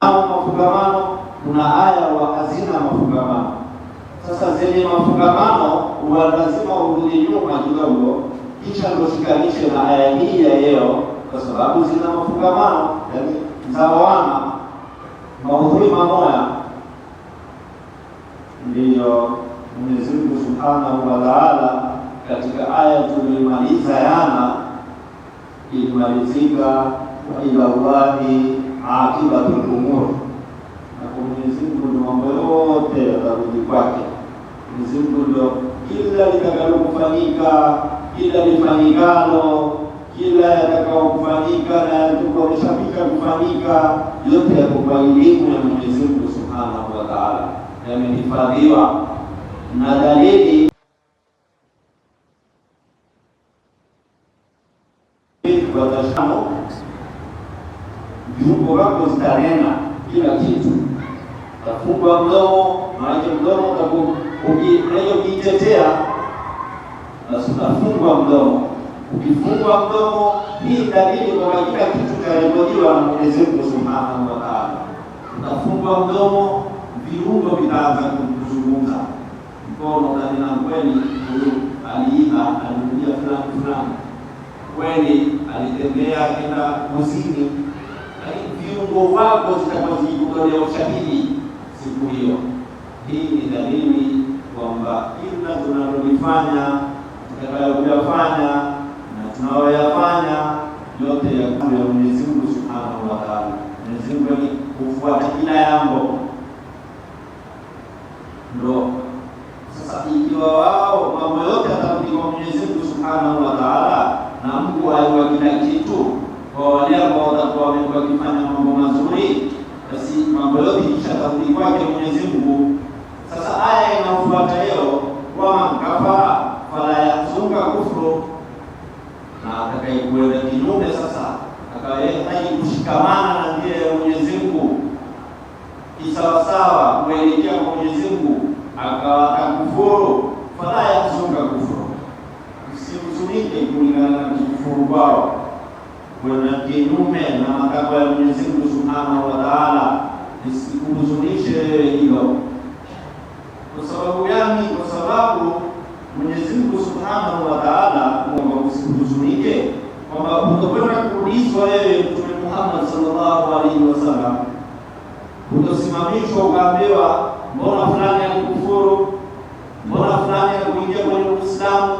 au mafungamano, kuna aya wa hazina mafungamano. Sasa zenye mafungamano huwa lazima urudi nyuma kidogo, kisha ndosikanishe na aya hii ya leo, kwa sababu zina mafungamano, yaani wana maudhui mamoya. Ndiyo Mwenyezi Mungu Subhanahu wa Ta'ala katika aya tulimaliza yana ilimalizika wa ila Allahi Ah, akiba tukumuru na kwa Mwenyezi Mungu ndio mambo yote yatarudi kwake. Mwenyezi Mungu ndio kila litakalokufanyika, kila lifanyikalo, kila yatakaokufanyika na yatukomeshafika kufanyika, yote yako kwa elimu ya Mwenyezi Mungu Subhanahu wa Ta'ala, yamehifadhiwa na dalili watashamo viungo vyako zitanena kila kitu, tafunga mdomo, maanake mdomo ukijitetea basi utafungwa mdomo. Ukifungwa mdomo, hii dalili kwamba kila kitu kitarekodiwa na Mwenyezi Mungu Subhanahu wa Ta'ala. Utafungwa mdomo, viungo vitaanza kuzungumza, mkono unanena kweli, huyu aliiba, alirudia fulani fulani, kweli alitembea kenda kuzini nguo zako zitakazoiondolea ushahidi siku hiyo. Hii ni dalili kwamba kila tunalolifanya, tutakayofanya na tunayoyafanya yote ya Mwenyezi Mungu Subhanahu wa Ta'ala. Mwenyezi Mungu ni kufuata kila yango ndo sasa, ikiwa wao mambo yote atamdikwa Mwenyezi Mungu Subhanahu wa Ta'ala kuthibitisha fadhili kwake Mwenyezi Mungu. Sasa aya inayofuata leo, waman kafara fala yahzunka kufru, na atakayekuenda kinyume sasa akahitaji kushikamana na njia ya Mwenyezi Mungu kisawasawa, kuelekea kwa Mwenyezi Mungu akawa akakufuru, fala yahzunka kufru, msihuzunike kulingana na kufuru kwao, kwenda kinyume na matakwa ya Mwenyezi Mungu subhanahu wa taala nisikuhuzunishe hilo, kwa sababu gani? Kwa sababu Mwenyezi Mungu Subhanahu wa Ta'ala kwamba usihuzunike, kwamba utakwenda kurudishwa wewe Mtume Muhammad sallallahu alaihi wasallam, utasimamishwa ukaambiwa, mbona fulani alikufuru, mbona fulani alikuingia kwenye Uislamu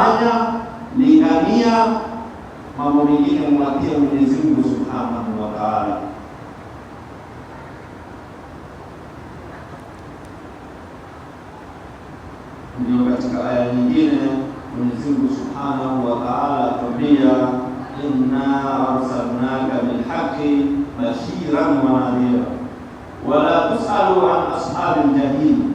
fanya lingania mambo mengine mwatia Mwenyezi Mungu Subhanahu wa Ta'ala. Ndio katika aya nyingine Mwenyezi Mungu Subhanahu wa Ta'ala atwambia, inna arsalnaka bilhaqi bashiran wa nadhira wala tusalu an ashabil jahim